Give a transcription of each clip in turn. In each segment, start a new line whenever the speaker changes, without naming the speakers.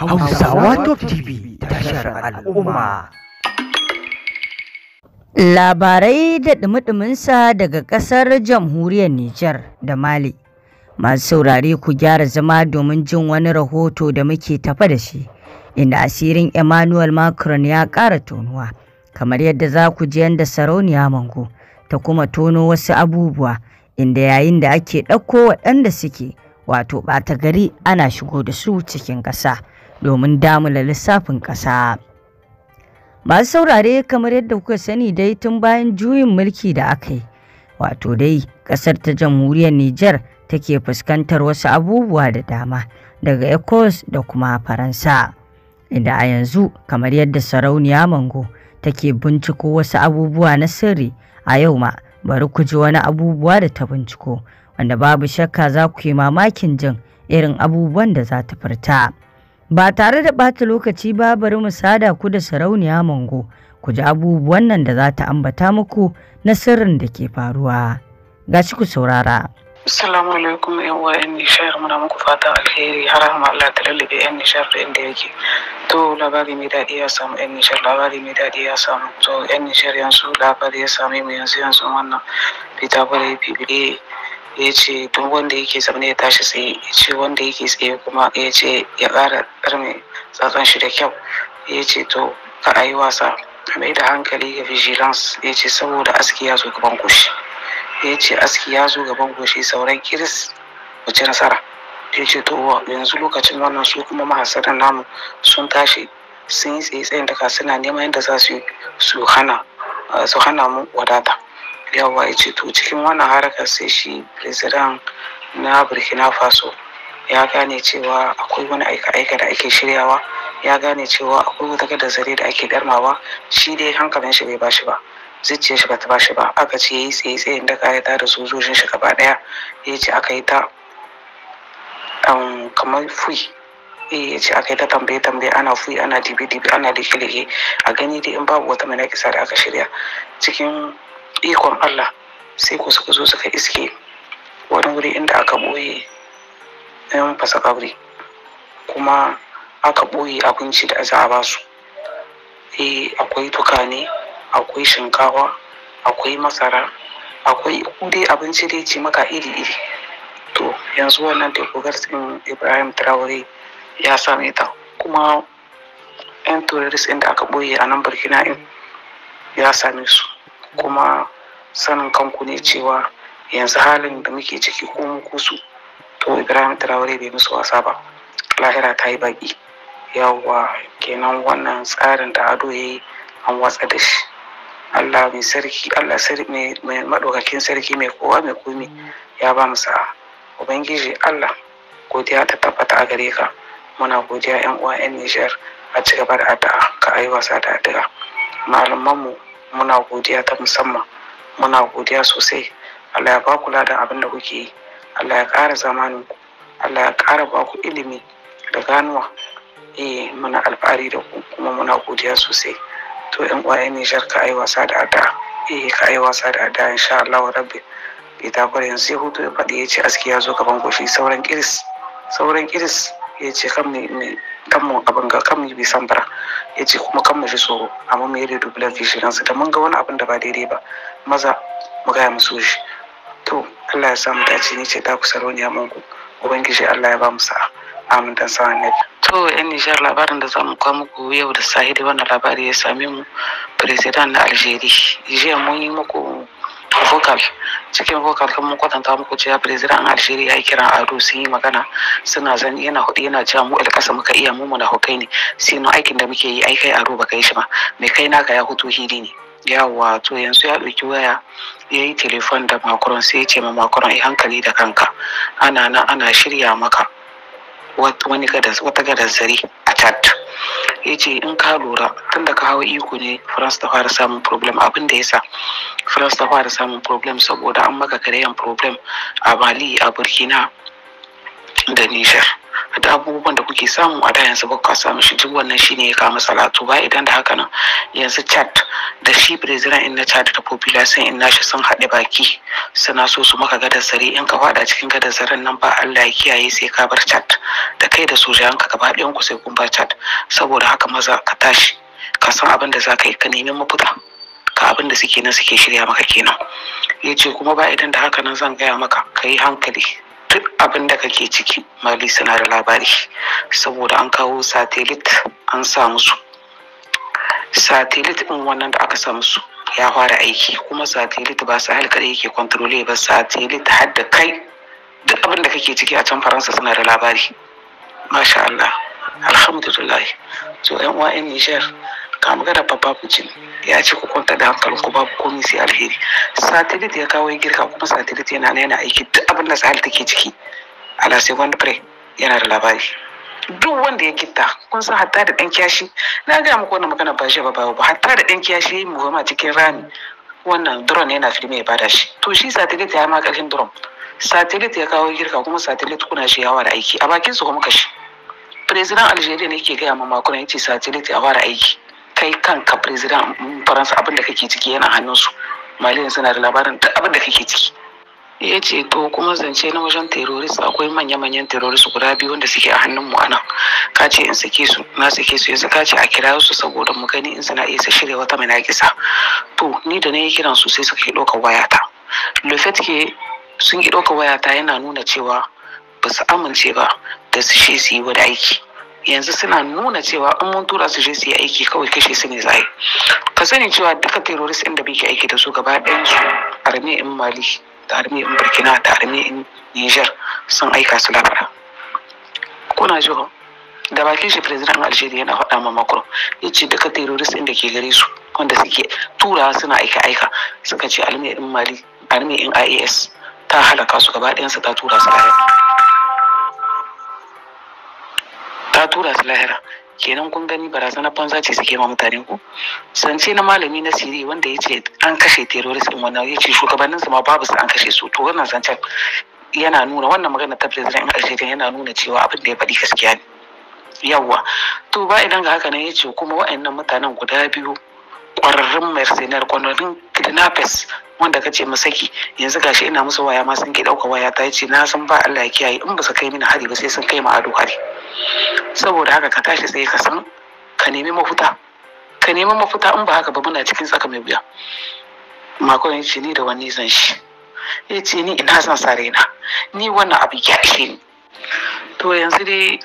Hausawa Top TV tashar al'umma. Labarai da ɗumi daga ƙasar jamhuriyar Nijar da Mali. Masu saurare ku gyara zama domin jin wani rahoto da muke tafa da shi, inda asirin Emmanuel Macron ya ƙara tonuwa, kamar yadda za ku ji yadda sarauniya mango ta kuma tono wasu abubuwa inda yayin da ake ɗauko waɗanda suke wato ɓata gari ana shigo da su cikin ƙasa. domin damula lissafin ƙasa. Masu saurare kamar yadda kuka sani dai tun bayan juyin mulki da aka yi, wato dai ƙasar ta jamhuriyar Nijar take fuskantar wasu abubuwa da dama daga ECOWAS da kuma Faransa. Inda a yanzu kamar yadda sarauniya Mango take binciko wasu abubuwa na sirri a yau ma bari ku ji wani abubuwa da ta binciko wanda babu shakka za ku yi mamakin jin irin abubuwan da za ta furta. Ba tare da ɓata lokaci ba bari mu sada ku da sarauniya mango ku ji abubuwan nan da za ta ambata muku na sirrin da ke faruwa. Gashi ku saurara.
Assalamu alaikum yan uwa yan nishar muna muku fata alheri har hama Allah ta lallabe yan nishar da inda yake. To labari mai daɗi ya samu yan nishar labari mai daɗi ya samu to yan nishar yanzu labari ya same mu yanzu yanzu wannan fita bare fibire ya ce duk wanda yake zaune ya tashi tsaye ya ce wanda yake tsaye kuma ya ce ya ƙara ƙarme tsatson shi da kyau ya ce to ka a yi wasa mai da hankali ga vigilance ya ce saboda aski ya zo gaban goshi ya ce aski ya zo gaban goshi sauran kiris ku ci nasara ya ce to yanzu lokacin wannan su kuma mahasaran namu sun tashi sun yi tsaye tsayin daga suna neman yadda za su hana mu wadata yawa ya ce to cikin wannan harakar sai shi president na burkina faso ya gane cewa akwai wani aika-aika da ake shiryawa ya gane cewa akwai wata gada zare da ake darmawa shi dai hankalin shi bai bashi ba zuciyar shi bata bashi ba aka ce yayi tsaye tsaye da kare ta da sojojin shi gaba daya ya ce aka yi ta um, kamar fui eh, ya ce aka yi ta tambaye tambaye ana fui ana dibe dibe ana leke leke a gani dai in babu wata mai da aka shirya cikin ikon Allah sai ku suka zo suka iske wani wuri inda aka ɓoye yan fasa kabri kuma aka ɓoye abinci da za a ba su eh akwai tukane akwai shinkawa akwai masara akwai dai abinci dai ce maka iri-iri to yanzu wannan tekogar tsin ibrahim traore ya same ta kuma 'yan terrorist inda aka ɓoye a nan burkina ya same su kuma sanin kanku ne cewa yanzu halin da muke ciki ko mu ko su to ibrahim traore bai musu wasa ba lahira ta yi baki yawwa kenan wannan tsarin da ado ya yi an watsa da shi allah mai sarki allah mai maɗaukakin sarki mai kowa mai komi ya ba mu sa'a ubangiji allah godiya ta tabbata a gare ka muna godiya yan uwa yan nijar a cigaba da addu'a ka ayi wasa da addu'a malamanmu muna godiya ta musamman muna godiya sosai allah ya ba ku ladan abin da kuke yi allah ya ƙara zamanin ku allah ya ƙara ba ku ilimi da ganuwa eh muna alfahari da ku kuma muna godiya sosai to yan ne shar ka ai wasa da ada eh ka ai wasa da ada insha allah rabbi ta takwar yanzu ya hutu ya faɗi ya ce aski ya zo gaban kofi. sauran kiris sauran kiris ya ce kan kan mu abin ga kan mu bi san bara ya ce kuma kan mu ji tsoro amma mu yare dubulan vigilance da mun ga wani abin da ba daidai ba maza mu gaya musu shi to Allah ya sa mu dace ni ce ta ku sarauniya manku ubangiji Allah ya ba mu sa'a amin dan sa'a ne to yan nijar labarin da za mu kawo muku yau da sahi da wannan labari ya same mu president na Algeria jiya mun yi muku vocal cikin vokal mun kwatanta muku cewa president Algeria ya kira Ado sun yi magana suna zan yana hudu yana cewa mu alƙasa muka iya mu na hukai ne sino aikin da muke yi ai kai Ado baka yi shi ba mai kai naka ya hutu hili ne yawa to yanzu ya ɗauki waya ya yi telefon da makaron sai ya ce ma Macron yi hankali da kanka ana nan ana shirya maka wata gadan a tattu ya ce in ka lura tun da ka hau iko ne france ta fara samun problem abin da ya sa france ta fara samun problem saboda an maka karyan problem a mali a burkina da nishar da abubuwan da kuke samu a da yanzu ba samu shi duk wannan shine ya kama salatu ba idan da haka nan yanzu chat da shi president in na chat da popular sun in nashi sun haɗe baki suna so su maka gadar zare in ka faɗa cikin gadar zaren nan ba Allah ya kiyaye sai ka bar chat da kai da ka gaba ɗayan ku sai kun bar chat saboda haka maza ka tashi ka san abin da za ka yi ka nemi mafuta ka abin da suke nan suke shirya maka kenan ya ce kuma ba idan da haka nan zan gaya maka ka yi hankali duk abin da kake ciki mali suna da labari saboda an kawo satelit an samu su. satelit ɗin wannan da aka samu su ya fara aiki kuma satelit ba su halkar yake kwantarole ba satelit har da kai duk abin da kake ciki a can faransa suna da labari masha Allah alhamdulillah to yan wa'in yan ka magana babu mutum ya ce ku kwanta da hankalin ku babu komai sai alheri satelit ya kawo girka kuma satelit yana yana aiki duk abin da sahal take ciki ala sai wani pray yana da labari duk wanda ya kitta kun san hatta da dan kiyashi na ga muku wannan magana ba shi ba ba hatta da dan kiyashi yayi muhimma cikin rami wannan drone yana filme ya bada shi to shi satelit ya ma karshen drone satelit ya kawo girka kuma satelit kuna shi yawa da aiki a bakin su kuma kashi president algeria ne ke gaya ma makuna ya ce satelit ya fara aiki kai kanka president um, um, faransa abin da kake ciki yana hannunsu mali yanzu na da labarin duk abin da kake ciki ya ce to kuma zance na wajen terrorist akwai manya-manyan terrorist guda biyu wanda suke a hannun mu ana ka ce in sake su na sake su yanzu ka ce a kira su saboda mu gani in suna isa shirya wata munakisa to ni da na yi kiran su sai suka yi ɗaukar wayata lufet ke sun yi ɗaukar wayata yana nuna cewa ba su amince ba da su she su yi wani aiki yanzu suna nuna cewa in mun tura su je su yi aiki kawai kashe su ne za yi ka sani cewa duka terrorist inda muke aiki da su gaba ɗayan su arme in mali da arme in burkina da arme in niger sun aika su labara kuna ji da bakin shi president algeria yana faɗa ma macron ya ce duka terrorist inda ke gare su wanda suke tura suna aika aika suka ce arme in mali arme in ias ta halaka su gaba ɗayan su ta tura su a tura su lahira kenan kun gani barazana banza ce suke ma mutane ku sance na malami na siri wanda ya ce an kashe terrorist din wannan ya ce shugabanninsu ma babu su an kashe su to wannan zancen yana nuna wannan magana ta president Algeria yana nuna cewa abin da ya faɗi gaskiya ne yawwa to ba idan ga haka nan ya ce kuma wa'annan mutanen guda biyu kwararrun mercenaire kwararrun kidnappers wanda ka ce saki yanzu gashi ina musu waya ma sun ke ɗauka waya ta ce na san ba Allah ya kiyaye in ba su kai mini hari ba sai sun kai ma ado hari saboda haka ka tashi tsaye ka san ka nemi mafuta ka nemi mafuta in ba haka ba muna cikin tsaka mai wuya makon ya ce ni da wani zan shi ya ce ni ina zan sare na ni wannan abu ya ishe ni to yanzu dai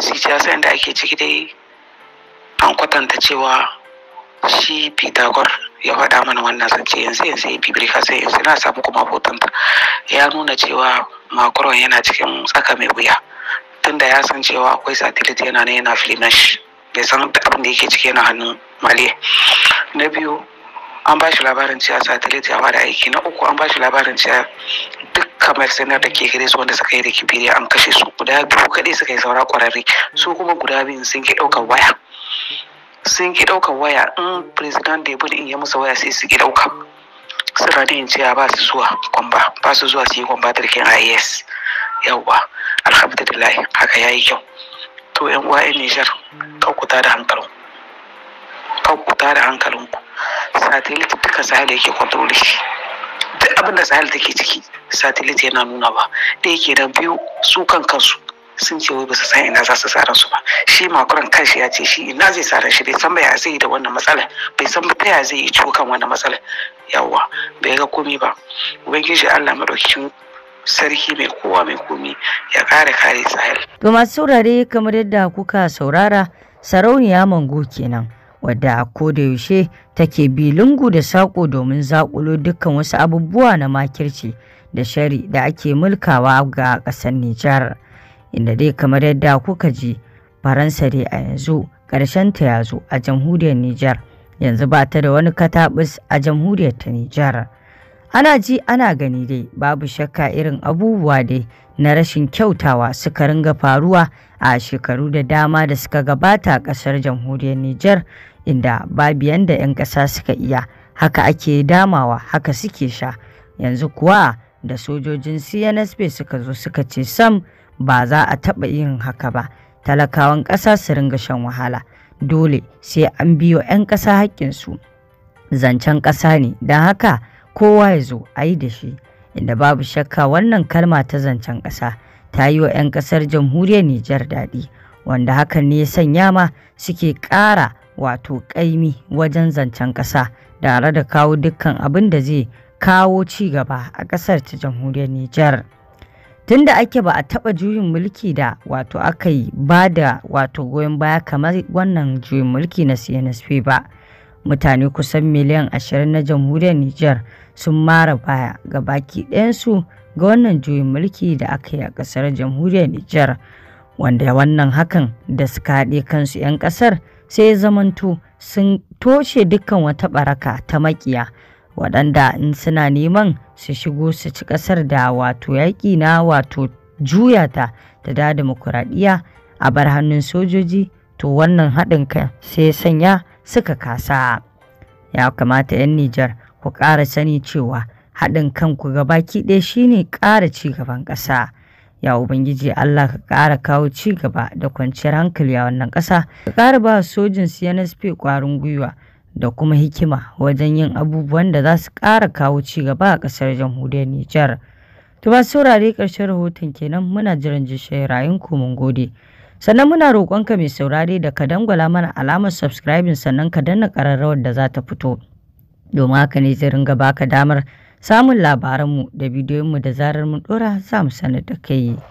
siyasa da ake ciki dai an kwatanta cewa shi pitagor ya faɗa mana wannan zance yanzu yanzu ya ka sai yanzu na samu kuma hotonta ya nuna cewa makon yana cikin tsaka mai wuya tunda ya san cewa akwai satellite yana nan yana filin shi bai san abin da yake ciki yana hannun maliya na biyu an ba shi labarin cewa satellite ya bada aiki na uku an ba shi labarin cewa duk kamar sanar da ke gare su wanda suka yi da kibiri an kashe su guda biyu kaɗai suka yi saura ƙwararre su kuma guda biyu sun ke ɗaukar waya sun ke ɗaukar waya in president da ya in ya masa waya sai su ke ɗauka suna cewa ba su zuwa kwamba ba su zuwa su yi kwamba da rikin ias yawwa alhamdulillah haka yayi kyau to yan uwa yan Nijar kar ku tada hankalin kar ku tada hankalin ku satellite duka sahel yake control shi duk abin da sahel take ciki satellite yana nuna ba da yake da biyu su kan kansu sun ce wai ba su san ina za su tsara su ba shi makuran kanshi ya ce shi ina zai tsara shi bai san ba ya zai yi da wannan matsalar bai san ba ya zai yi ciwo kan wannan matsalar yawwa bai ga komi ba ubangiji Allah madaukakin sarki mai kowa mai komi ya kare
kare To masu saurare kamar yadda kuka saurara sarauniya mango kenan. wadda ko da yaushe take bi lungu da saƙo domin zaƙulo dukkan wasu abubuwa na makirci da shari da ake mulkawa ga ƙasar Nijar. Inda dai kamar yadda kuka ji Faransa dai a yanzu ƙarshen ta ya a jamhuriyar Nijar yanzu ba ta da wani kataɓis a jamhuriyar ta Nijar. Ana ji ana gani dai babu shakka irin abubuwa dai na rashin kyautawa suka ringa faruwa a shekaru da dama da suka gabata a ƙasar jamhuriyar Nijar inda babu yanda 'yan ƙasa suka iya haka ake damawa haka suke sha yanzu kuwa da sojojin CNSP suka zo suka ce sam ba za a taɓa yin haka ba talakawan ƙasa su ringa shan wahala dole sai an biyo 'yan ƙasa haƙƙinsu zancen ƙasa ne don haka kowa ya zo ayi da shi inda babu shakka wannan kalma ta zancen ƙasa ta yi wa 'yan ƙasar jamhuriyar Nijar daɗi wanda hakan ne ya sanya ma suke ƙara wato ƙaimi wajen zancen ƙasa tare da kawo dukkan abin da zai kawo ci gaba a ƙasar ta jamhuriyar Nijar. Tun da ake ba a taɓa juyin mulki da wato aka yi ba da wato goyon baya kamar wannan juyin mulki na CNSP ba. Mutane kusan miliyan 20 na jamhuriyar Nijar sun mara baya ga baki ɗayansu ga wannan juyin mulki da aka yi a ƙasar jamhuriyar Nijar wanda wannan hakan da suka haɗe kansu 'yan ƙasar sai zamanto sun toshe dukkan wata baraka ta makiya waɗanda in suna neman su shigo su ci ƙasar da wato yaƙi na wato juyata ta da demokuraɗiyya a bar hannun sojoji to wannan haɗin kan sai sanya suka kasa ya kamata 'yan Nijar ku ƙara sani cewa haɗin kanku ki ɗaya shine ƙara ci gaban ƙasa. Ya Ubangiji Allah ka ƙara kawo ci gaba da kwanciyar hankali a wannan ƙasa, ka ƙara ba sojin CNSP ƙwarin gwiwa da kuma hikima wajen yin abubuwan da za su ƙara kawo ci gaba a ƙasar jamhuriyar Nijar. To ba saurare ƙarshen rahoton kenan muna jiran jishe ku mun gode. sannan muna roƙonka mai saurare da ka dangwala mana alamar subscribing sannan ka danna ƙararrawar da za ta fito domin haka ne zai ringa baka damar samun labaranmu da bidiyonmu da zarar mun dora za mu sanar da kai